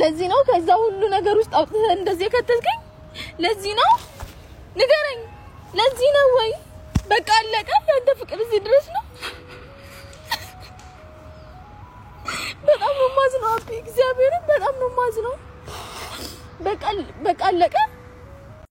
ለዚህ ነው ከዛ ሁሉ ነገር ውስጥ አውጥተህ እንደዚህ የከተትከኝ? ለዚህ ነው ንገረኝ። ለዚህ ነው ወይ? በቃ አለቀ። ያንተ ፍቅር እዚህ ድረስ ነው። በጣም ነው የማዝነው አቤ፣ እግዚአብሔርን በጣም ነው የማዝነው። በቃ በቃ አለቀ።